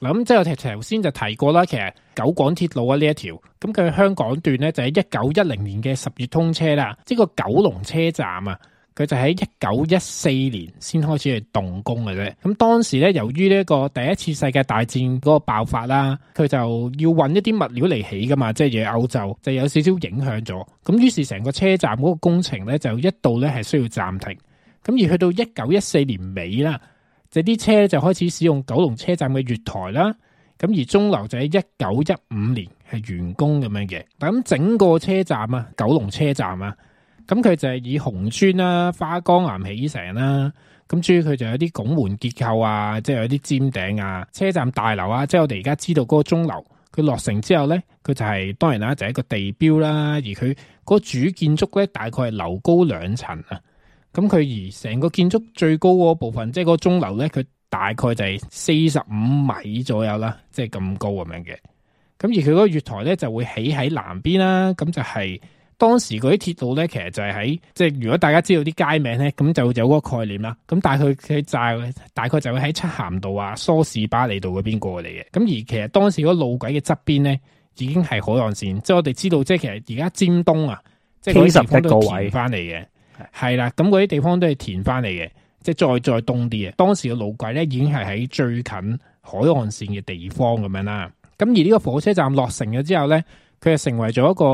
嗱，咁即係我頭先就提過啦。其實九廣鐵路啊呢一條，咁佢香港段咧就喺一九一零年嘅十月通車啦。即個九龍車站啊，佢就喺一九一四年先開始去動工嘅啫。咁當時咧，由於呢一個第一次世界大戰嗰個爆發啦，佢就要搵一啲物料嚟起㗎嘛，即係由歐洲就有少少影響咗。咁於是成個車站嗰個工程咧，就一度咧係需要暫停。咁而去到一九一四年尾啦，就啲車就開始使用九龍車站嘅月台啦。咁而鐘樓就喺一九一五年係完工咁樣嘅。咁整個車站啊，九龍車站啊，咁佢就係以紅磚啦、花崗岩起成啦。咁至於佢就有啲拱門結構啊，即係有啲尖頂啊。車站大樓啊，即係我哋而家知道嗰個鐘樓，佢落成之後呢，佢就係當然啦，就係一個地標啦。而佢個主建築呢，大概係樓高兩層啊。咁佢而成個建築最高嗰部分，即係個鐘樓咧，佢大概就係四十五米左右啦，即係咁高咁樣嘅。咁而佢個月台咧，就會起喺南邊啦。咁就係當時嗰啲鐵路咧，其實就係喺即係如果大家知道啲街名咧，咁就有個概念啦。咁但係佢佢就大概就會喺漆咸道啊、梳士巴利道嗰邊過嚟嘅。咁而其實當時個路軌嘅側邊咧，已經係海岸線。即係我哋知道，即係其實而家尖東啊，即係幾多地方都填翻嚟嘅。係啦，咁嗰啲地方都係填翻嚟嘅，即係再再東啲嘅。當時嘅路軌咧，已經係喺最近海岸線嘅地方咁樣啦。咁而呢個火車站落成咗之後咧，佢係成為咗一個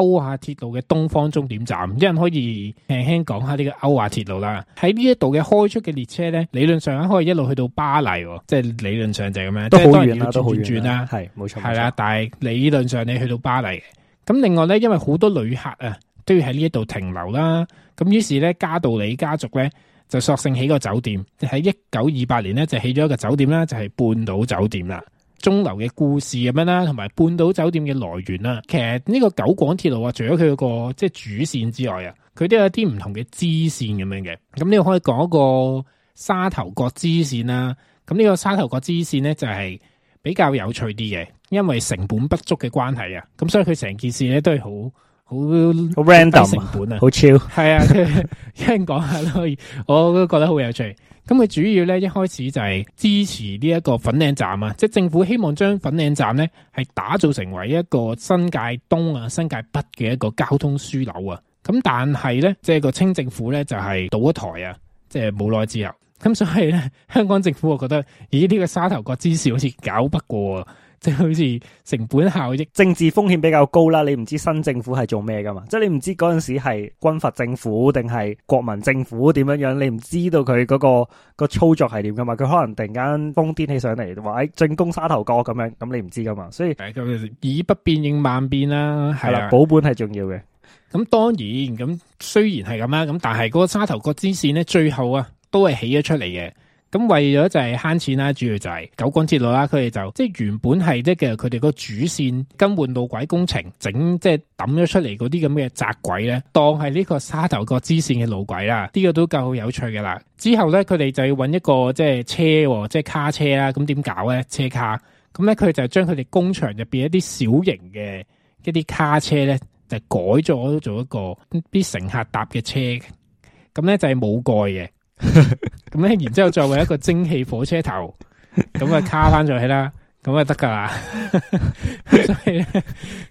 歐亞鐵路嘅東方終點站。一陣可以輕輕講下呢個歐亞鐵路啦。喺呢一度嘅開出嘅列車咧，理論上可以一路去到巴黎，即係理論上就係咁樣，都好遠啦，轉轉啦，係冇錯，係啦。但係理論上你去到巴黎。咁另外咧，因為好多旅客啊。都要喺呢一度停留啦，咁於是咧，嘉道理家族咧就索性起個酒店，喺一九二八年咧就起咗一個酒店啦，就係半島酒店啦。鐘樓嘅故事咁樣啦，同埋半島酒店嘅來源啦。其實呢個九廣鐵路啊，除咗佢嗰個即係主線之外啊，佢都有啲唔同嘅支線咁樣嘅。咁呢個可以講一個沙頭角支線啦。咁、這、呢個沙頭角支線咧就係比較有趣啲嘅，因為成本不足嘅關係啊，咁所以佢成件事咧都係好。好好 random 啊，好超，h 係啊，聽講下都可以，我都覺得好有趣。咁 佢主要咧一開始就係支持呢一個粉嶺站啊，即係政府希望將粉嶺站咧係打造成為一個新界東啊、新界北嘅一個交通樞紐啊。咁但係咧，即係個清政府咧就係倒咗台啊，即係冇耐之後。咁所以咧，香港政府我覺得，咦，呢個沙頭角之士好似搞不過。即係好似成本效益，政治風險比較高啦。你唔知新政府係做咩噶嘛？即係你唔知嗰陣時係軍閥政府定係國民政府點樣樣，你唔知道佢嗰個個操作係點噶嘛？佢可能突然間瘋癲起上嚟，話誒進攻沙頭角咁樣，咁你唔知噶嘛？所以佢以不變應萬變啦，係啦，保本係重要嘅。咁當然，咁雖然係咁樣，咁但係嗰個沙頭角支線咧，最後啊都係起咗出嚟嘅。咁為咗就係慳錢啦，主要就係九廣鐵路啦。佢哋就即係原本係即係佢哋個主線更換路軌工程，整即係揼咗出嚟嗰啲咁嘅窄軌咧，當係呢個沙頭角支線嘅路軌啦。呢、呢個都夠有趣嘅啦。之後咧，佢哋就要揾一個即係車、喔、即係卡車啦。咁點搞咧？車卡咁咧，佢就將佢哋工場入邊一啲小型嘅一啲卡車咧，就改咗做，做一個啲乘客搭嘅車。咁咧就係冇蓋嘅。咁咧，然之後作為一個蒸汽火車頭，咁 啊卡翻咗去啦，咁啊得噶啦。所以，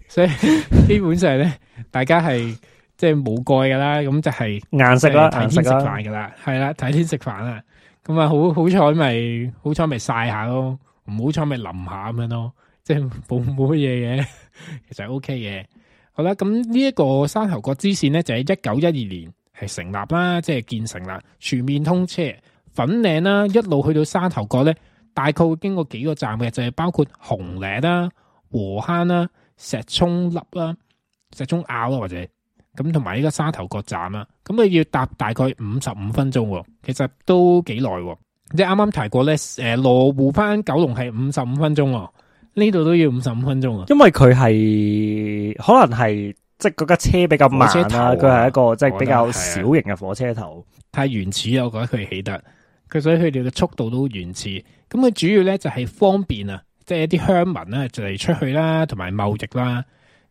所以基本上咧，大家係即係冇蓋噶啦，咁就係硬食啦，睇天食飯噶啦，係啦，睇天食飯啊。咁啊，好好彩、就、咪、是，好彩咪晒下咯，唔好彩咪淋下咁樣咯，即係冇冇乜嘢嘅，其實係 OK 嘅。好啦，咁呢一個山頭角支線咧，就喺一九一二年。係成立啦，即係建成啦，全面通車。粉嶺啦，一路去到沙頭角咧，大概會經過幾個站嘅，就係、是、包括紅嶺啦、禾坑啦、石涌凹啦、石涌坳啦，或者咁同埋呢個沙頭角站啦，咁佢要搭大概五十五分鐘，其實都幾耐。即係啱啱提過咧，誒、呃，羅湖翻九龍係五十五分鐘，呢度都要五十五分鐘啊，因為佢係可能係。即係嗰架車比較慢啦，佢係、啊、一個即係比較小型嘅火車頭，是太原始，我覺得佢起得，佢所以佢哋嘅速度都好原始。咁佢主要咧就係方便啊，即係一啲鄉民咧就嚟出去啦，同埋貿易啦。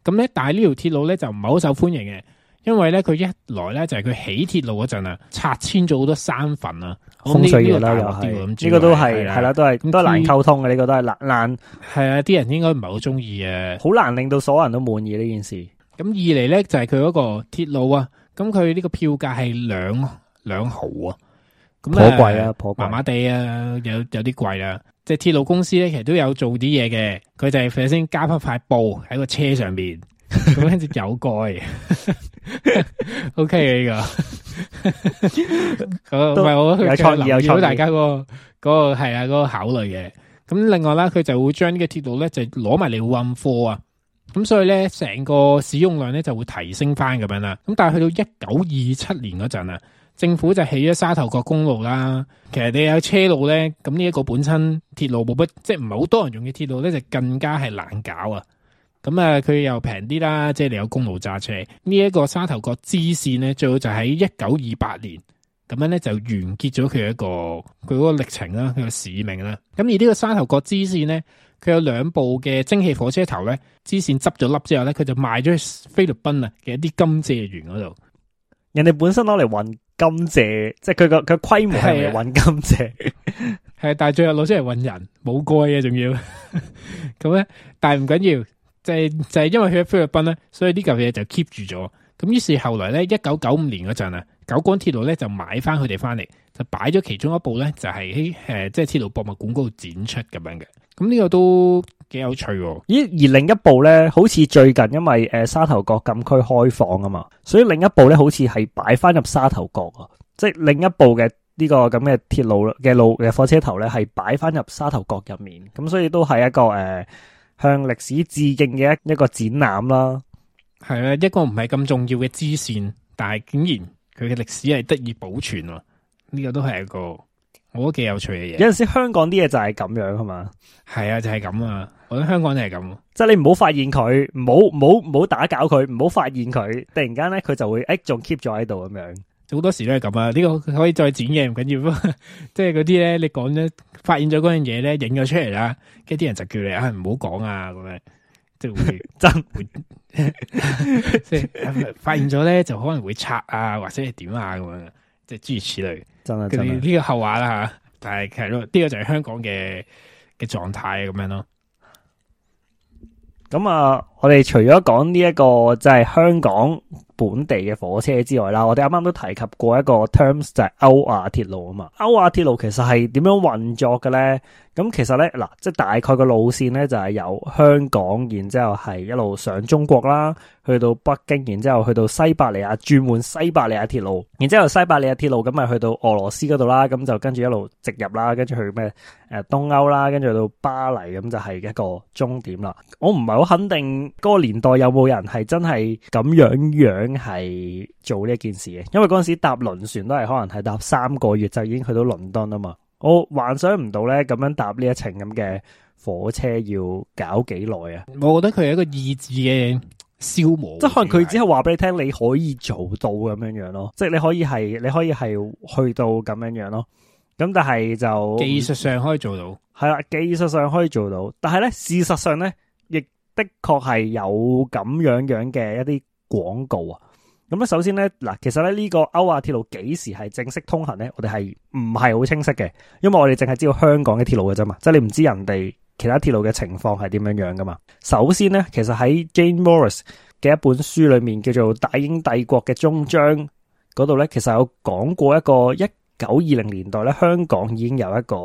咁咧，但係呢條鐵路咧就唔係好受歡迎嘅，因為咧佢一來咧就係佢起鐵路嗰陣啊，拆遷咗好多山墳啊，風水啦又係、這個這個都係係啦，都係都難溝通嘅，你覺得係難難係啊？啲人應該唔係好中意嘅，好難令到所有人都滿意呢件事。咁二嚟咧就係佢嗰個鐵路啊，咁佢呢個票價係兩兩毫啊，咁好貴啊，麻麻地啊，有有啲貴啦。即係鐵路公司咧，其實都有做啲嘢嘅，佢就係先加返塊布喺個車上邊，咁跟住有蓋。O K，呢個，咁唔係我有創意，有參考大家個嗰個係啊嗰個考慮嘅。咁另外啦，佢就會將呢個鐵路咧就攞埋嚟運貨啊。咁、嗯、所以咧，成個使用量咧就會提升翻咁樣啦。咁但係去到一九二七年嗰陣啊，政府就起咗沙頭角公路啦。其實你有車路咧，咁呢一個本身鐵路冇不，即係唔係好多人用嘅鐵路咧，就更加係難搞啊。咁、嗯、啊，佢又平啲啦，即、就、係、是、你有公路揸車。呢、這、一個沙頭角支線咧，最後就喺一九二八年咁樣咧就完結咗佢一個佢嗰個歷程啦，佢個使命啦。咁、嗯、而呢個沙頭角支線咧。佢有兩部嘅蒸汽火車頭咧，支線執咗笠之後咧，佢就賣咗去菲律賓啊嘅一啲甘蔗園嗰度。人哋本身攞嚟運甘蔗，即係佢個佢規模係嚟運甘蔗，係 但係最後攞出嚟運人冇蓋嘅，仲要咁咧。但係唔緊要， 唔緊要就係、是、就係、是、因為去咗菲律賓咧，所以呢嚿嘢就 keep 住咗。咁於是後來咧，一九九五年嗰陣啊，九廣鐵路咧就買返佢哋返嚟，就擺咗其中一部咧，就係喺誒即係鐵路博物館嗰度展出咁樣嘅。咁、這、呢個都幾有趣喎，咦？而另一部呢，好似最近因為誒、呃、沙頭角禁區開放啊嘛，所以另一部呢，好似係擺翻入沙頭角啊，即係另一部嘅呢、這個咁嘅、這個、鐵路嘅路嘅火車頭呢，係擺翻入沙頭角入面，咁、嗯、所以都係一個誒、呃、向歷史致敬嘅一一個展覽啦。係啊，一個唔係咁重要嘅支線，但係竟然佢嘅歷史係得以保存，啊。呢、這個都係一個。我都幾有趣嘅嘢，有陣時香港啲嘢就係咁樣啊嘛，係啊，就係咁啊，我覺得香港就係咁，即係你唔好發現佢，唔好唔好唔好打攪佢，唔好發現佢，突然間咧佢就會誒仲 keep 咗喺度咁樣，好多時都係咁啊，呢個可以再剪嘢唔緊要啊， 即係嗰啲咧你講咗發現咗嗰樣嘢咧影咗出嚟啦，跟啲人就叫你啊唔好講啊咁樣，即係會爭， 即係發現咗咧就可能會拆啊或者係點啊咁樣。即係諸如此類，真係真係呢個後話啦吓，但係其實呢個就係香港嘅嘅狀態咁樣咯。咁啊～我哋除咗講呢一個即係香港本地嘅火車之外啦，我哋啱啱都提及過一個 terms 就係歐亞鐵路啊嘛。歐亞鐵路其實係點樣運作嘅咧？咁其實咧嗱，即係、就是、大概嘅路線咧就係由香港，然之後係一路上中國啦，去到北京，然之後去到西伯利亞，轉換西伯利亞鐵路，然之後西伯利亞鐵路咁咪去到俄羅斯嗰度啦，咁就跟住一路直入啦，跟住去咩誒、呃、東歐啦，跟住去到巴黎咁就係一個終點啦。我唔係好肯定。嗰、那個年代有冇人係真係咁樣樣係做呢一件事嘅？因為嗰陣時搭輪船都係可能係搭三個月就已經去到倫敦啊嘛。我幻想唔到咧咁樣搭呢一程咁嘅火車要搞幾耐啊！我覺得佢係一個意志嘅消磨，即係可能佢只係話俾你聽你可以做到咁樣樣咯，即係你可以係你可以係去到咁樣樣咯。咁但係就技術上可以做到，係啦，技術上可以做到，但係咧事實上咧。的確係有咁樣樣嘅一啲廣告啊！咁咧，首先咧，嗱，其實咧，呢個歐亞鐵路幾時係正式通行咧？我哋係唔係好清晰嘅，因為我哋淨係知道香港嘅鐵路嘅啫嘛，即係你唔知人哋其他鐵路嘅情況係點樣樣噶嘛。首先咧，其實喺 Jane Morris 嘅一本書裏面叫做《大英帝國嘅終章》嗰度咧，其實有講過一個一九二零年代咧，香港已經有一個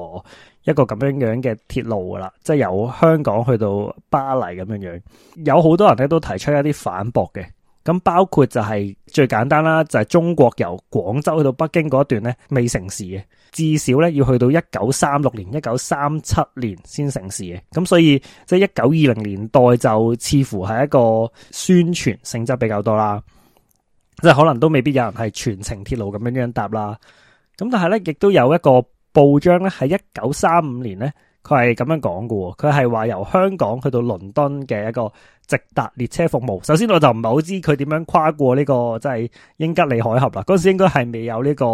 一個咁樣樣嘅鐵路噶啦，即係由香港去到巴黎咁樣樣。有好多人咧都提出一啲反駁嘅，咁包括就係、是、最簡單啦，就係、是、中國由廣州去到北京嗰段咧未成事嘅，至少咧要去到一九三六年、一九三七年先成事嘅。咁所以即係一九二零年代就似乎係一個宣傳性質比較多啦，即係可能都未必有人係全程鐵路咁樣樣搭啦。咁但係咧，亦都有一個報章咧，喺一九三五年咧，佢係咁樣講嘅。佢係話由香港去到倫敦嘅一個直達列車服務。首先我就唔係好知佢點樣跨過呢個即係英吉利海峽啦。嗰時應該係未有呢個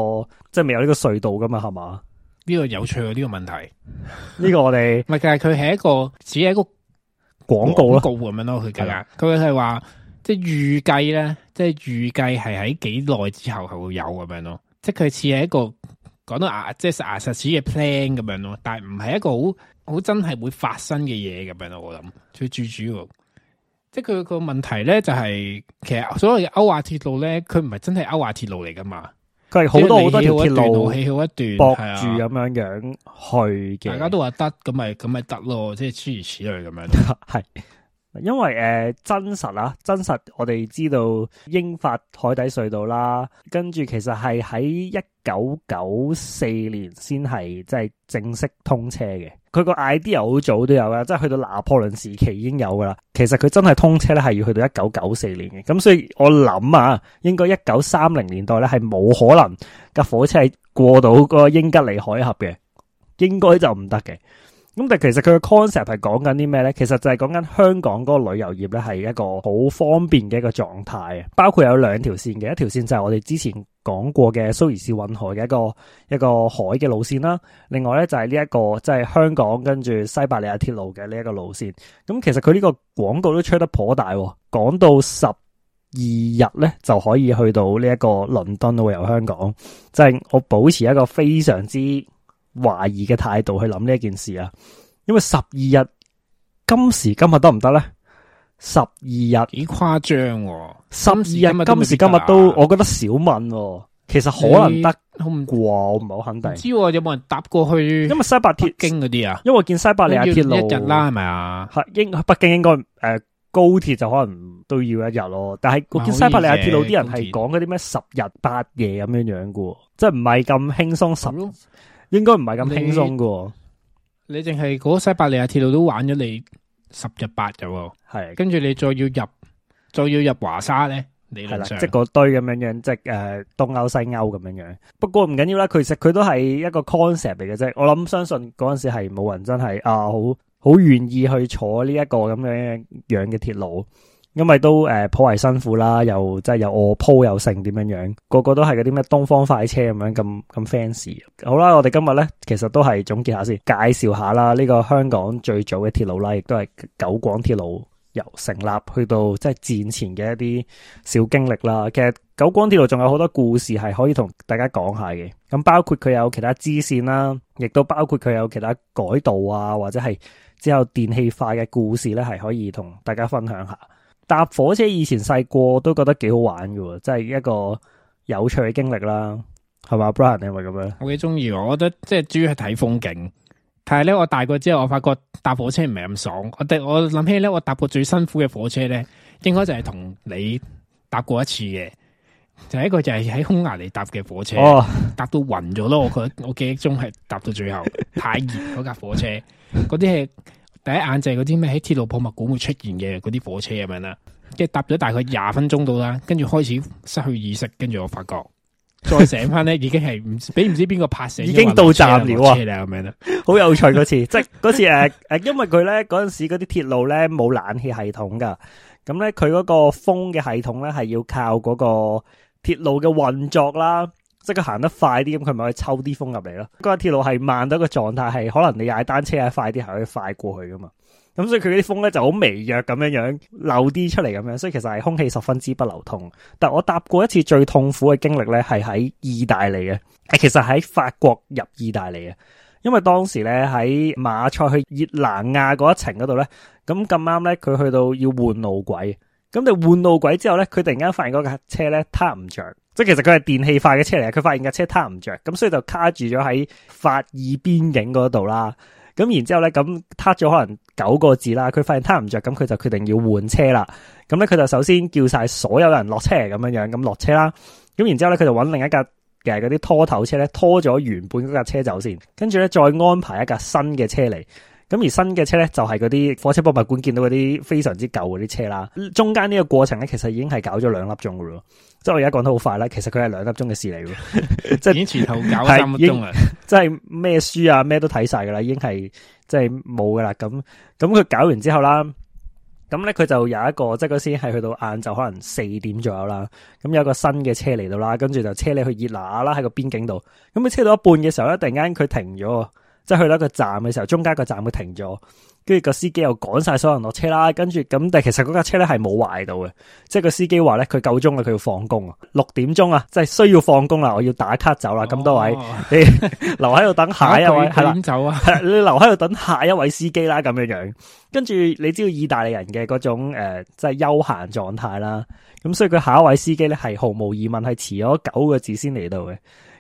即係未有呢個隧道噶嘛，係嘛？呢個有趣喎，呢個問題。呢個我哋咪係，係佢係一個只係一個廣告咯，咁樣咯，佢嘅佢係話即係預計咧，即係預計係喺幾耐之後係會有咁樣咯。即係佢似係一個講到牙，即係實牙實齒嘅 plan 咁樣咯，但係唔係一個好好真係會發生嘅嘢咁樣咯。我諗最最主要，即係佢個問題咧就係、是，其實所謂嘅歐亞鐵路咧，佢唔係真係歐亞鐵路嚟噶嘛，佢係好多好多條鐵路起好一段，係啊，駁住咁樣樣去嘅。大家都話得，咁咪咁咪得咯，即係諸如此類咁樣，係。 因為誒、呃、真實啊，真實我哋知道英法海底隧道啦，跟住其實係喺一九九四年先係即係正式通車嘅。佢個 idea 好早都有啦，即係去到拿破崙時期已經有噶啦。其實佢真係通車咧係要去到一九九四年嘅。咁所以我諗啊，應該一九三零年代咧係冇可能架火車係過到個英吉利海峽嘅，應該就唔得嘅。咁但其實佢嘅 concept 係講緊啲咩咧？其實就係講緊香港嗰個旅遊業咧係一個好方便嘅一個狀態，包括有兩條線嘅，一條線就係我哋之前講過嘅蘇伊士運河嘅一個一個海嘅路線啦，另外咧就係呢一個即係、就是、香港跟住西伯利亞鐵路嘅呢一個路線。咁其實佢呢個廣告都吹得頗大，講到十二日咧就可以去到呢一個倫敦旅遊香港，即、就、係、是、我保持一個非常之，懷疑嘅態度去諗呢一件事啊，因為十二日今時今日得唔得咧？十二日幾誇張喎！十二日、哦、今時今日都，今今日都我覺得小問、哦，其實可能得，唔啩？我唔係好肯定。知有冇人搭過去？因為西伯鐵經嗰啲啊，因為我見西伯利亞鐵路一日啦、啊，係咪啊？北京應該誒、呃、高鐵就可能都要一日咯。但係我見西伯利亞鐵路啲人係講嗰啲咩十日八夜咁樣樣嘅，即係唔係咁輕鬆十。嗯應該唔係咁輕鬆噶，你淨係嗰西伯利亞鐵路都玩咗你十日八日喎，係，跟住你再要入，再要入華沙咧，理論上即係嗰堆咁樣樣，即係誒東歐西歐咁樣樣。不過唔緊要啦，其實佢都係一個 concept 嚟嘅啫。我諗相信嗰陣時係冇人真係啊，好好願意去坐呢一個咁樣樣嘅鐵路。因為都誒頗為辛苦啦，又即係又卧鋪又剩點樣樣，個個都係嗰啲咩東方快車咁樣咁咁 fans。好啦，我哋今日咧其實都係總結下先，介紹下啦呢個香港最早嘅鐵路啦，亦都係九廣鐵路由成立去到即係戰前嘅一啲小經歷啦。其實九廣鐵路仲有好多故事係可以同大家講下嘅，咁包括佢有其他支線啦，亦都包括佢有其他改道啊，或者係之後電氣化嘅故事咧，係可以同大家分享下。搭火車以前細個都覺得幾好玩嘅，即係一個有趣嘅經歷啦，係嘛，Brian 你係咪咁樣？我幾中意，我覺得即係主要係睇風景。但係咧，我大個之後，我發覺搭火車唔係咁爽。我我諗起咧，我搭過最辛苦嘅火車咧，應該就係同你搭過一次嘅，就係、是、一個就係喺匈牙利搭嘅火車，哦、搭到暈咗咯。我覺得我記憶中係搭到最後 太熱嗰架火車，嗰啲係。第一眼就係嗰啲咩喺鐵路博物館會出現嘅嗰啲火車咁樣啦，即係搭咗大概廿分鐘到啦，跟住開始失去意識，跟住我發覺再醒翻咧， 已經係唔俾，唔知邊個拍醒，已經到站了啊！好有趣嗰次， 即係嗰次誒誒、呃，因為佢咧嗰陣時嗰啲鐵路咧冇冷氣系統噶，咁咧佢嗰個風嘅系統咧係要靠嗰個鐵路嘅運作啦。即係行得快啲，咁佢咪可以抽啲風入嚟咯。嗰個鐵路係慢到一個狀態，係可能你踩單車啊快啲，係可以快過去噶嘛。咁所以佢啲風咧就好微弱咁樣樣漏啲出嚟咁樣。所以其實係空氣十分之不流通。但我搭過一次最痛苦嘅經歷咧，係喺意大利嘅。其實喺法國入意大利啊，因為當時咧喺馬賽去熱那亞嗰一程嗰度咧，咁咁啱咧佢去到要換路軌。咁你換路軌之後咧，佢突然間發現嗰架車咧，拖唔着，即係其實佢係電氣化嘅車嚟，佢發現架車拖唔着，咁所以就卡住咗喺法意邊境嗰度啦。咁然之後咧，咁拖咗可能九個字啦，佢發現拖唔着，咁佢就決定要換車啦。咁咧，佢就首先叫晒所有人落車咁樣樣，咁落車啦。咁然之後咧，佢就揾另一架嘅嗰啲拖頭車咧，拖咗原本嗰架車走先，跟住咧再安排一架新嘅車嚟。咁而新嘅車咧，就係嗰啲火車博物館見到嗰啲非常之舊嗰啲車啦。中間呢個過程咧，其實已經係搞咗兩粒鐘㗎咯。即係我而家講得好快啦，其實佢係兩粒鐘嘅事嚟 喎 已經。即係前頭搞三粒鐘啊！即係咩書啊咩都睇晒噶啦，已經係即係冇噶啦。咁咁佢搞完之後啦，咁咧佢就有一個即係嗰時係去到晏晝可能四點左右啦。咁有個新嘅車嚟到啦，跟住就車你去熱拿啦喺個邊境度。咁佢車到一半嘅時候咧，突然間佢停咗即係去到一個站嘅時候，中間個站會停咗，跟住個司機又趕晒所有人落車啦。跟住咁，但係其實嗰架車咧係冇壞到嘅。即係個司機話咧，佢夠鐘啦，佢要放工啊，六點鐘啊，即係需要放工啦，我要打卡走啦。咁、哦、多位，你 留喺度等下一位，係、點走啊、啦，你留喺度等下一位司機啦，咁樣樣。跟住你知道意大利人嘅嗰種誒，即、呃、係、就是、休閒狀態啦。咁所以佢下一位司機咧係毫無疑問係遲咗九個字先嚟到嘅。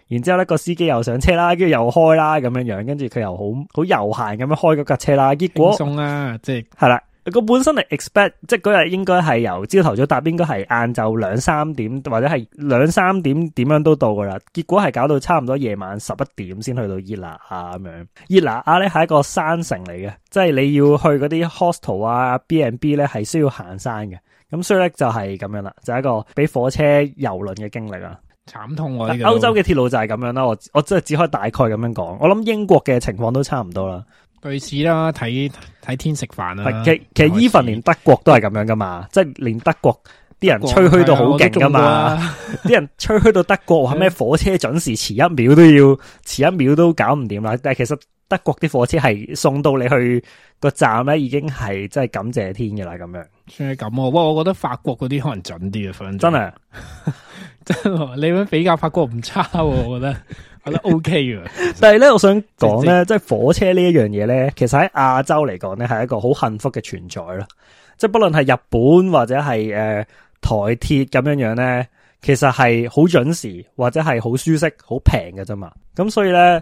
然之後咧，個司機又上車啦，跟住又開啦咁樣樣，跟住佢又好好悠閒咁樣開嗰架車啦。結果，輕鬆啦，啊，即係係啦。個本身係 expect，即係嗰日應該係由朝頭早搭，應該係晏晝兩三點或者係兩三點點樣都到噶啦。結果係搞到差唔多夜晚十一點先去到熱那亞咁樣。熱那亞咧係一個山城嚟嘅，即係你要去嗰啲 hostel 啊、B and B 咧係需要行山嘅。咁所以咧就係咁樣啦，就係咁樣就係，一個俾火車、遊輪嘅經歷啦慘痛歐、啊、洲嘅鐵路就係咁樣啦，我我真係只可以大概咁樣講。我諗英國嘅情況都差唔多啦，類似啦，睇睇天食飯啦。其實其實 even 連德國都係咁樣噶嘛，即係連德國啲人吹噓到好勁噶嘛，啲 人吹噓到德國係咩 火車準時遲一秒都要遲一秒都搞唔掂啦。但係其實。德國啲火車係送到你去個站咧，已經係真係感謝天嘅啦。咁樣算係咁、啊，不過我覺得法國嗰啲可能準啲啊，真係 真啊！你搵比較法國唔差、啊，我覺得覺 得 OK 嘅。但係咧，我想講咧， 即係火車一呢一樣嘢咧，其實喺亞洲嚟講咧，係一個好幸福嘅存在咯。即係不論係日本或者係誒、呃、台鐵咁樣樣咧，其實係好準時或者係好舒適、好平嘅啫嘛。咁所以咧。